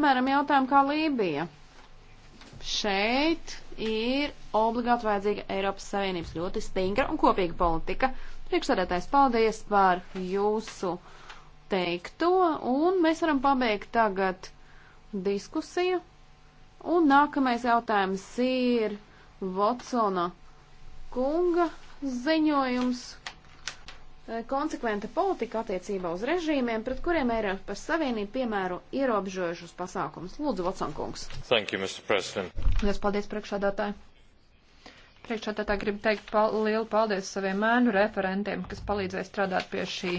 Piemēram, jautājumu kā Lībija. Šeit ir obligāti vajadzīga Eiropas Savienības ļoti stingra un kopīga politika. Priekšsēdētājs, paldies par jūsu teikto, un mēs varam pabeigt tagad diskusiju. Un nākamais jautājums ir Votsona kunga ziņojums Eh, konsekventa politika attiecībā uz režīmiem, pret kuriem Eiropas Savienība piemēro ierobežojušus pasākumus. Lūdzu, Vatsonkungs. Thank you, Mr. President. Lielas paldies, priekšādātāji. Priekšādātāji gribu teikt pal lielu paldies saviem mēnu referentiem, kas palīdzēja strādāt pie šī.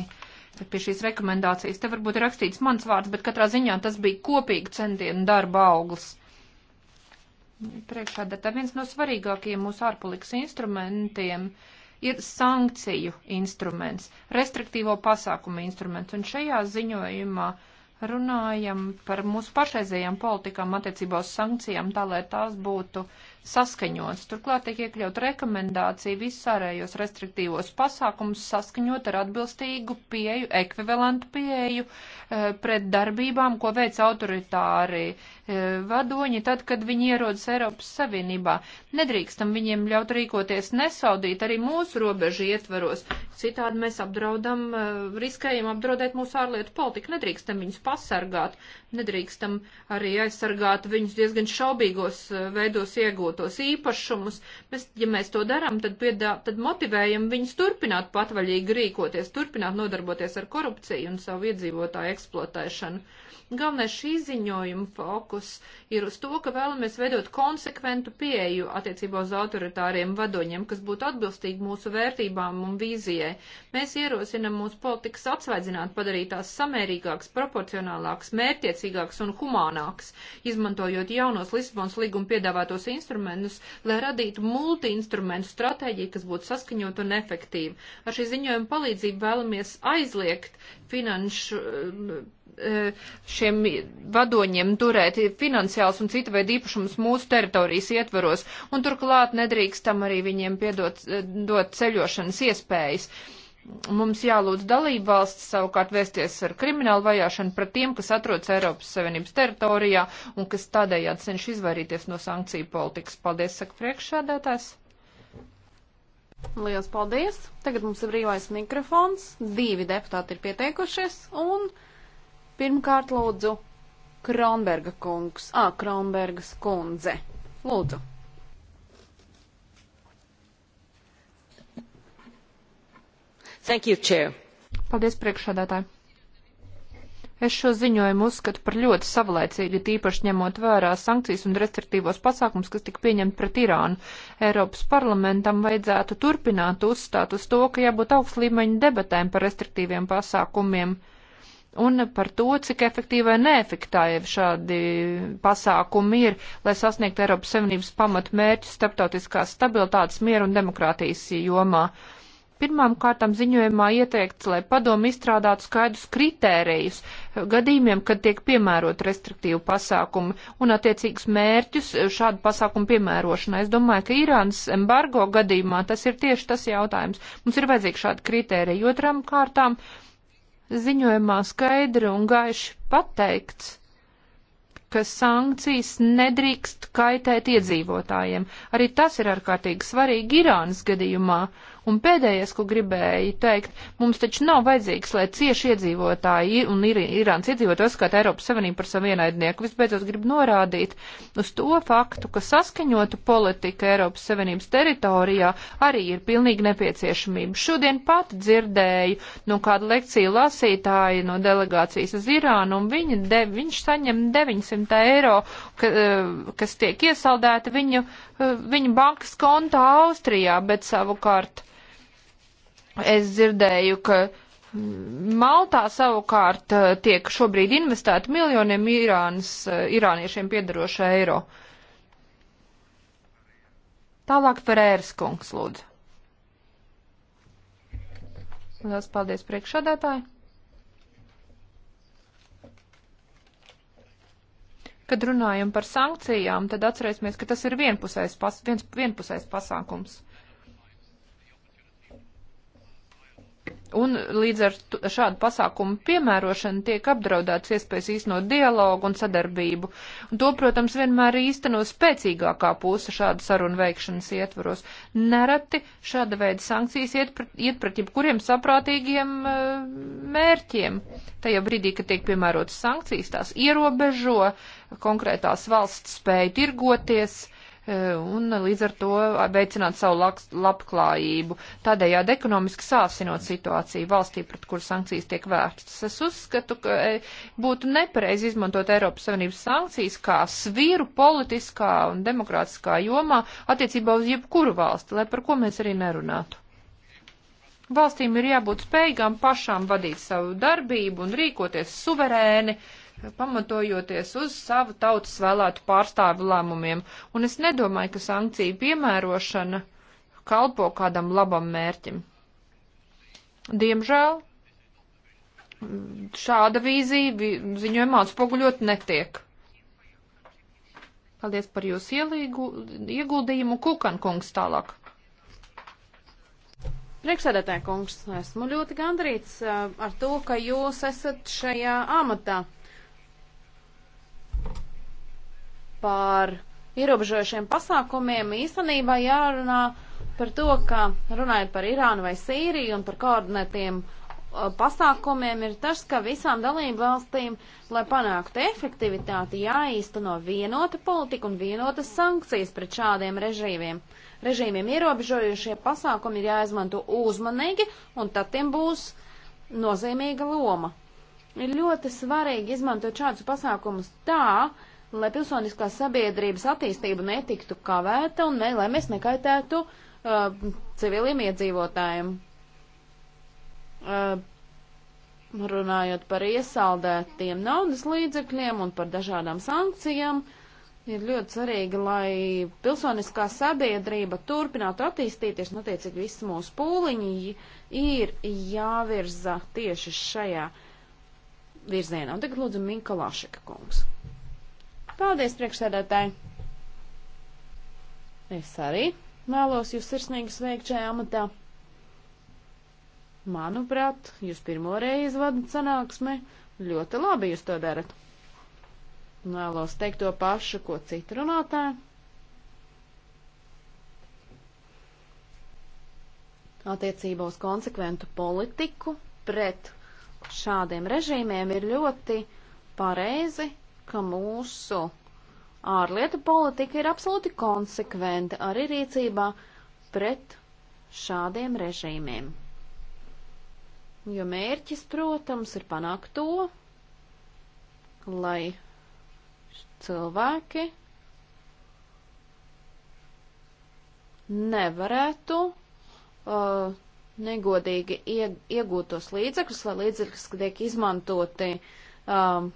Pie šīs rekomendācijas te varbūt ir rakstīts mans vārds, bet katrā ziņā tas bija kopīgi centienu darba auglis. Priekšādā tā viens no svarīgākajiem mūsu ārpolitikas instrumentiem uh, ir sankciju instruments, restriktīvo pasākumu instruments. Un šajā ziņojumā runājam par mūsu pašreizējām politikām attiecībā uz sankcijām, tā lai tās būtu uh, saskaņots. Turklāt tiek iekļaut rekomendācija visārējos restriktīvos pasākumus saskaņot ar atbilstīgu pieju, ekvivalentu pieju eh, pret darbībām, ko veic autoritāri eh, vadoņi tad, kad viņi ierodas Eiropas Savienībā. Nedrīkstam viņiem ļaut rīkoties nesaudīt arī mūsu robežu ietvaros. Citādi mēs apdraudam, eh, riskējam apdraudēt mūsu ārlietu politiku. Nedrīkstam viņus pasargāt, nedrīkstam arī aizsargāt viņus diezgan šaubīgos veidos iegūt iegūtos īpašumus. Mēs, ja mēs to darām, tad, piedā, tad motivējam viņus turpināt patvaļīgi rīkoties, turpināt nodarboties ar korupciju un savu iedzīvotāju eksploatēšanu. Galvenais šī ziņojuma fokus ir uz to, ka vēlamies veidot konsekventu pieeju attiecībā uz autoritāriem vadoņiem, kas būtu atbilstīgi mūsu vērtībām un vīzijai. Mēs ierosinam mūsu politikas atsvaidzināt, padarīt tās samērīgākas, proporcionālākas, mērķiecīgākas un humānākas, izmantojot jaunos Lisabons līguma piedāvātos instrumentus, lai radītu multi-instrumentu stratēģiju, kas būtu saskaņot un efektīva. Ar šī ziņojuma palīdzību vēlamies aizliegt finanšu Eh, šiem vadoņiem turēt finansiāls un cita veida īpašums mūsu teritorijas ietvaros, un turklāt nedrīkstam arī viņiem piedot eh, dot ceļošanas iespējas. Mums jālūdz dalību valsts savukārt vēsties ar kriminālu vajāšanu pret tiem, kas atrodas Eiropas Savienības teritorijā un kas tādējādi cenš izvairīties no sankciju politikas. Paldies, saka priekšsādātājs. Lielas paldies! Tagad mums ir brīvais mikrofons, divi deputāti ir pieteikušies un. Pirmkārt, lūdzu, Kronberga kungs, ā, Kronbergas kundze. Lūdzu. Thank you, Chair. Paldies, priekšsādātāji. Es šo ziņojumu uzskatu par ļoti savlaicīgu, tīpaši ņemot vērā sankcijas un restriktīvos pasākums, kas tika pieņemti pret Irānu. Eiropas parlamentam vajadzētu turpināt uzstāt uz to, ka jābūt augst līmeņu debatēm par restriktīviem pasākumiem. Uh, un par to, cik efektīvai neefektāji šādi pasākumi ir, lai sasniegtu Eiropas Savienības pamatmērķus starptautiskās stabilitātes, mieru un demokrātijas jomā. Pirmām kārtām ziņojumā ieteikts, lai padomu izstrādātu skaidrus kritērijus gadījumiem, kad tiek piemērot restriktīvu pasākumu un attiecīgus mērķus šādu pasākumu piemērošanai. Es domāju, ka Irānas embargo gadījumā tas ir tieši tas jautājums. Mums ir vajadzīgi šādi kritēriji. Otram kārtām. Uh, ziņojumā skaidri un gaiši pateikts, ka sankcijas nedrīkst kaitēt iedzīvotājiem. Arī tas ir ārkārtīgi svarīgi Irānas gadījumā. Uh, Un pēdējais, ko gribēju teikt, mums taču nav vajadzīgs, lai cieši iedzīvotāji un ir, Irāns iedzīvotāji uzskata Eiropas Savienību par savu vienaidnieku. Visbeidzot, gribu norādīt uz to faktu, ka saskaņotu politika Eiropas Savienības teritorijā arī ir pilnīgi nepieciešamība. Šodien pat dzirdēju no nu, kāda lekcija lasītāja no delegācijas uz Irānu, un viņa de, viņš saņem 900 eiro, ka, eh, kas tiek iesaldēta viņu, eh, viņu bankas kontā Austrijā, bet savukārt Es dzirdēju, ka Maltā savukārt eh, tiek šobrīd investēti miljoniem Irānas, eh, irāniešiem piedarošu eiro. Tālāk Ferēras kungs, lūdzu. Lielas paldies priekšsādātāji. Kad runājam par sankcijām, tad atcerēsimies, ka tas ir vienpusējs, pas, viens, vienpusējs pasākums. un līdz ar šādu pasākumu piemērošanu tiek apdraudēts iespējas īstenot dialogu un sadarbību. Un to, protams, vienmēr īsteno spēcīgākā puse šāda saruna veikšanas ietvaros. Nereti šāda veida sankcijas iet pret, iet pret jebkuriem saprātīgiem eh, mērķiem. Tajā brīdī, kad tiek piemērotas sankcijas, tās ierobežo konkrētās valsts spēju tirgoties, uh, E, un līdz ar to veicināt savu laks, labklājību, tādējādi ekonomiski sāsinot situāciju valstī, pret kur sankcijas tiek vērstas. Es uzskatu, ka e, būtu nepareizi izmantot Eiropas Savienības sankcijas kā svīru politiskā un demokrātiskā jomā attiecībā uz jebkuru valsti, lai par ko mēs arī nerunātu. Valstīm ir jābūt spējīgām pašām vadīt savu darbību un rīkoties suverēni. Uh, pamatojoties uz savu tautas vēlētu pārstāvu lēmumiem, un es nedomāju, ka sankciju piemērošana kalpo kādam labam mērķim. Diemžēl šāda vīzija ziņojumā atspoguļot netiek. Paldies par jūsu ielīgu, ieguldījumu, Kukankungs tālāk. Priekšsēdētāj kungs, esmu ļoti gandrīts eh, ar to, ka jūs esat šajā amatā. par ierobežojušiem pasākumiem, īstenībā jārunā par to, ka runājot par Irānu vai Sīriju un par koordinētiem uh, pasākumiem ir tas, ka visām dalību valstīm, lai panāktu efektivitāti, jāīsteno vienota politika un vienotas sankcijas pret šādiem režīmiem. Režīmiem ierobežojušie pasākumi ir jāizmanto uzmanīgi, un tad tiem būs nozīmīga loma. Ir ļoti svarīgi izmantot šādus pasākumus tā, lai pilsoniskā sabiedrības attīstība netiktu kavēta un ne, lai mēs nekaitētu uh, civiliem iedzīvotājiem. Uh, runājot par iesaldētiem naudas līdzekļiem un par dažādām sankcijām, ir ļoti svarīgi, lai pilsoniskā sabiedrība turpinātu attīstīties, un attiecīgi visas mūsu pūliņi ir jāvirza tieši šajā virzienā. Un tagad lūdzu Minka Lašeka kungs. Paldies, priekšsēdētāji! Es arī vēlos jūs sirsnīgi sveikt šajā amatā. Manuprāt, jūs pirmo reizi vadat sanāksmi. Ļoti labi jūs to darat. Vēlos teikt to pašu, ko citi runātāji. attiecībā uz konsekventu politiku pret šādiem režīmiem ir ļoti pareizi ka mūsu ārlietu politika ir absolūti konsekventa arī rīcībā pret šādiem režīmiem. Jo mērķis, protams, ir panākt to, lai cilvēki nevarētu uh, negodīgi iegūtos līdzekļus, lai līdzekļus tiek izmantoti um, uh,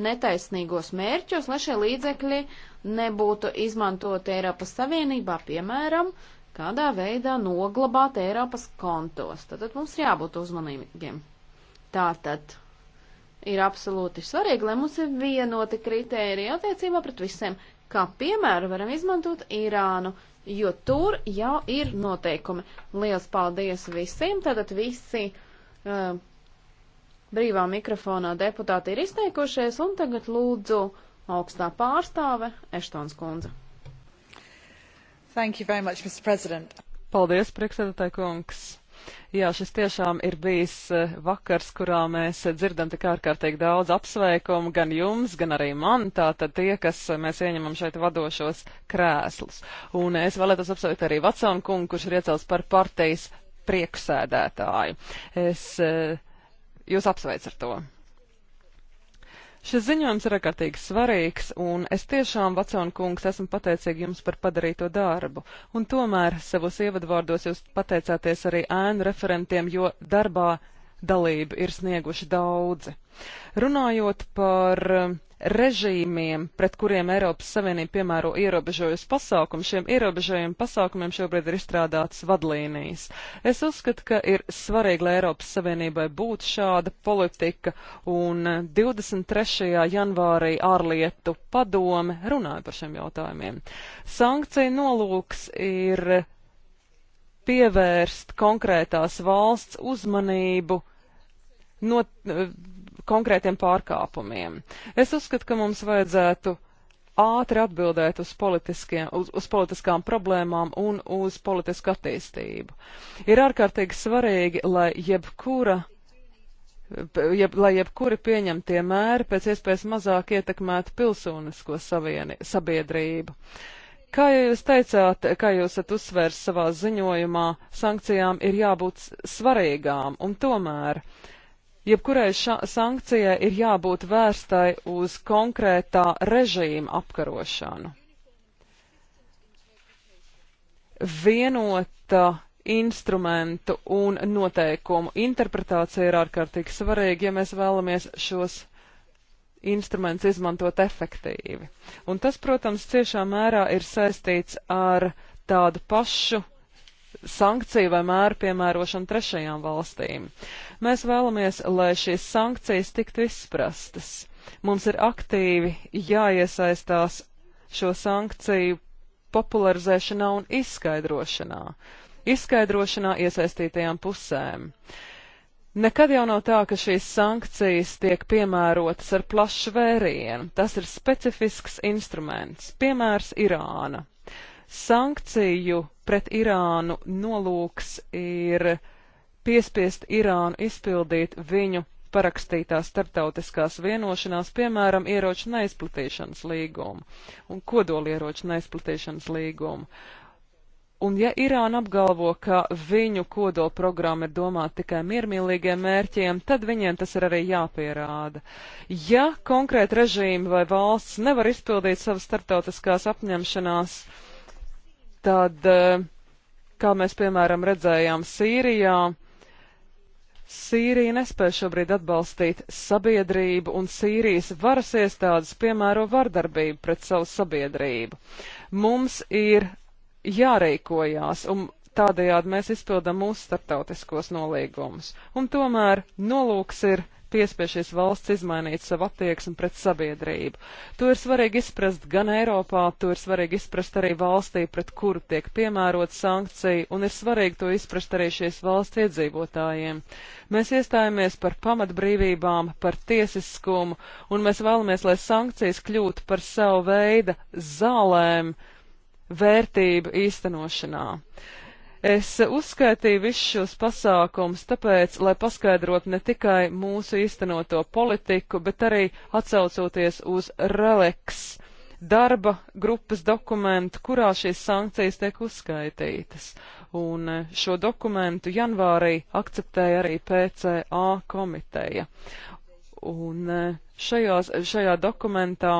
netaisnīgos mērķos, lai šie līdzekļi nebūtu izmantoti Eiropas Savienībā, piemēram, kādā veidā noglabāt Eiropas kontos. Tātad mums ir jābūt uzmanīgiem. Tātad ir absolūti svarīgi, lai mums ir vienoti kritēriji attiecībā pret visiem, kā piemēru varam izmantot Irānu, jo tur jau ir noteikumi. Lielas paldies visiem, tātad visi. Uh, brīvā mikrofonā deputāti ir izteikušies, un tagad lūdzu augstā pārstāve Eštons kundze. Much, Paldies, priekšsēdētāji kungs! Jā, šis tiešām ir bijis eh, vakars, kurā mēs dzirdam tik ārkārtīgi daudz apsveikumu gan jums, gan arī man, tātad tie, kas eh, mēs ieņemam šeit vadošos krēslus. Un es vēlētos apsveikt arī Vatsonu kungu, kurš ir iecelts par partijas priekšsēdētāju. Es, eh, jūs apsveic ar to. Šis ziņojums ir ārkārtīgi svarīgs, un es tiešām, Vacona kungs, esmu pateicīgi jums par padarīto darbu. Un tomēr savos ievadvārdos jūs pateicāties arī ēnu referentiem, jo darbā dalību ir snieguši daudzi. Runājot par uh, režīmiem, pret kuriem Eiropas Savienība piemēro ierobežojusi pasākumu, šiem ierobežojumu pasākumiem šobrīd ir izstrādātas vadlīnijas. Es uzskatu, ka ir svarīgi, lai Eiropas Savienībai būtu šāda politika, un 23. janvārī ārlietu padome runāja par šiem jautājumiem. Sankcija nolūks ir pievērst konkrētās valsts uzmanību no konkrētiem pārkāpumiem. Es uzskatu, ka mums vajadzētu ātri atbildēt uz, uz, uz politiskām problēmām un uz politisku attīstību. Ir ārkārtīgi svarīgi, lai jebkura, jeb, lai jebkura pieņemtie mēri pēc iespējas mazāk ietekmētu pilsonisko savieni, sabiedrību. Kā jūs teicāt, kā jūs esat uzsvērs savā ziņojumā, sankcijām ir jābūt svarīgām, un tomēr Jebkurai sankcijai ir jābūt vērstai uz konkrētā režīma apkarošanu. Vienota instrumentu un noteikumu interpretācija ir ārkārtīgi svarīga, ja mēs vēlamies šos instruments izmantot efektīvi. Un tas, protams, ciešā mērā ir saistīts ar tādu pašu sankciju vai mēru piemērošanu trešajām valstīm. Mēs vēlamies, lai šīs sankcijas tiktu izprastas. Mums ir aktīvi jāiesaistās šo sankciju popularizēšanā un izskaidrošanā. Izskaidrošanā iesaistītajām pusēm. Nekad jau nav tā, ka šīs sankcijas tiek piemērotas ar plašu vērienu. Tas ir specifisks instruments. Piemērs Irāna. Sankciju pret Irānu nolūks ir piespiest Irānu izpildīt viņu parakstītās starptautiskās vienošanās, piemēram, ieroču neizplatīšanas līgumu un kodolieroču neizplatīšanas līgumu. Un ja Irāna apgalvo, ka viņu kodola programma ir domāta tikai miermīlīgiem mērķiem, tad viņiem tas ir arī jāpierāda. Ja konkrēti režīmi vai valsts nevar izpildīt savas starptautiskās apņemšanās, uh, tad, eh, kā mēs piemēram redzējām Sīrijā, Sīrija nespēja šobrīd atbalstīt sabiedrību, un Sīrijas varas iestādes piemēro vardarbību pret savu sabiedrību. Mums ir jārīkojās, un tādējādi mēs izpildam mūsu starptautiskos nolīgumus. Un tomēr nolūks ir piespiešies valsts izmainīt savu attieksmi pret sabiedrību. To ir svarīgi izprast gan Eiropā, to ir svarīgi izprast arī valstī, pret kuru tiek piemērot sankcija, un ir svarīgi to izprast arī šīs valsts iedzīvotājiem. Mēs iestājāmies par pamatbrīvībām, par tiesiskumu, un mēs vēlamies, lai sankcijas kļūtu par savu veidu zālēm vērtību īstenošanā. Es uzskaitīju visus šos pasākumus, tāpēc, lai paskaidrotu ne tikai mūsu īstenoto politiku, bet arī atsaucoties uz releks darba grupas dokumentu, kurā šīs sankcijas tiek uzskaitītas. Un eh, šo dokumentu janvārī akceptēja arī PCA komiteja. Un eh, šajās, šajā dokumentā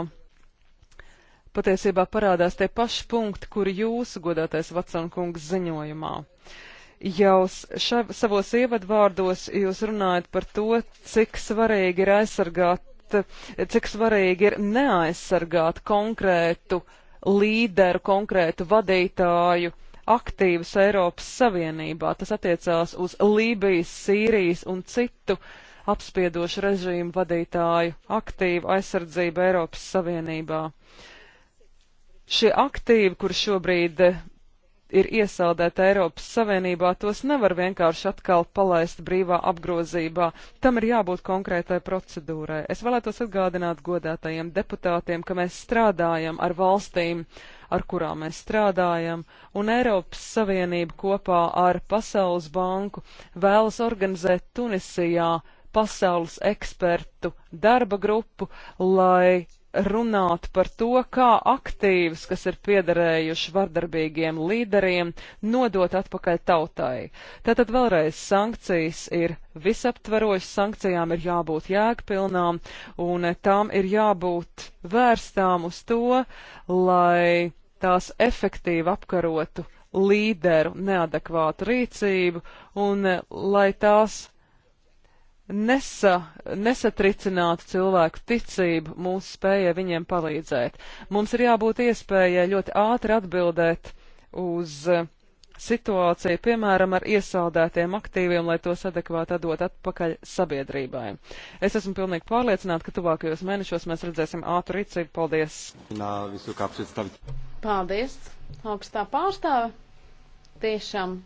patiesībā parādās tie paši punkti, kuri jūsu godātais Vatsonkungs ziņojumā. Jau ša, savos ievadvārdos jūs runājat par to, cik svarīgi ir aizsargāt, cik svarīgi ir neaizsargāt konkrētu līderu, konkrētu vadītāju aktīvas Eiropas Savienībā. Tas attiecās uz Lībijas, Sīrijas un citu apspiedošu režīmu vadītāju aktīvu aizsardzību Eiropas Savienībā. Uh, Šie aktīvi, kur šobrīd eh, ir iesaldēti Eiropas Savienībā, tos nevar vienkārši atkal palaist brīvā apgrozībā. Tam ir jābūt konkrētai procedūrai. Es vēlētos atgādināt godātajiem deputātiem, ka mēs strādājam ar valstīm, ar kurām mēs strādājam, un Eiropas Savienība kopā ar Pasaules banku vēlas organizēt Tunisijā pasaules ekspertu darba grupu, lai runāt par to, kā aktīvus, kas ir piederējuši vardarbīgiem līderiem, nodot atpakaļ tautai. Tātad vēlreiz sankcijas ir visaptverošas, sankcijām ir jābūt jēgpilnām, un tām ir jābūt vērstām uz to, lai tās efektīvi apkarotu līderu neadekvātu rīcību un eh, lai tās nesa, nesatricinātu cilvēku ticību mūsu spējai viņiem palīdzēt. Mums ir jābūt iespējai ļoti ātri atbildēt uz eh, situāciju, piemēram, ar iesaldētiem aktīviem, lai tos adekvāti atdot atpakaļ sabiedrībai. Es esmu pilnīgi pārliecināta, ka tuvākajos mēnešos mēs redzēsim ātru rīcību. Paldies! Paldies, augstā pārstāve! Tiešām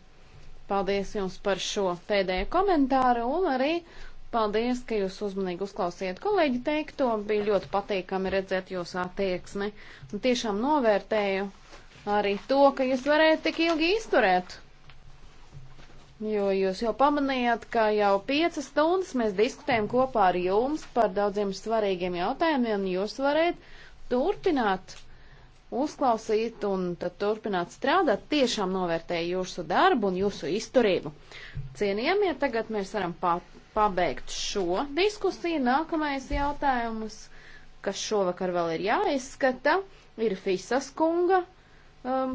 paldies jums par šo pēdējo komentāru un arī Paldies, ka jūs uzmanīgi uzklausījāt kolēģi teikto. Bija ļoti patīkami redzēt jūsu attieksmi. Un tiešām novērtēju arī to, ka jūs varējat tik ilgi izturēt. Jo jūs jau pamanījāt, ka jau piecas stundas mēs diskutējam kopā ar jums par daudziem svarīgiem jautājumiem, un jūs varējat turpināt uzklausīt un tad turpināt strādāt, tiešām novērtēja jūsu darbu un jūsu izturību. Cienījamie, tagad mēs varam pat pabeigt šo diskusiju. Nākamais jautājums, kas šovakar vēl ir jāizskata, ir Fisas kunga um,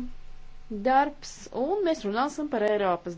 darbs, un mēs runāsim par Eiropas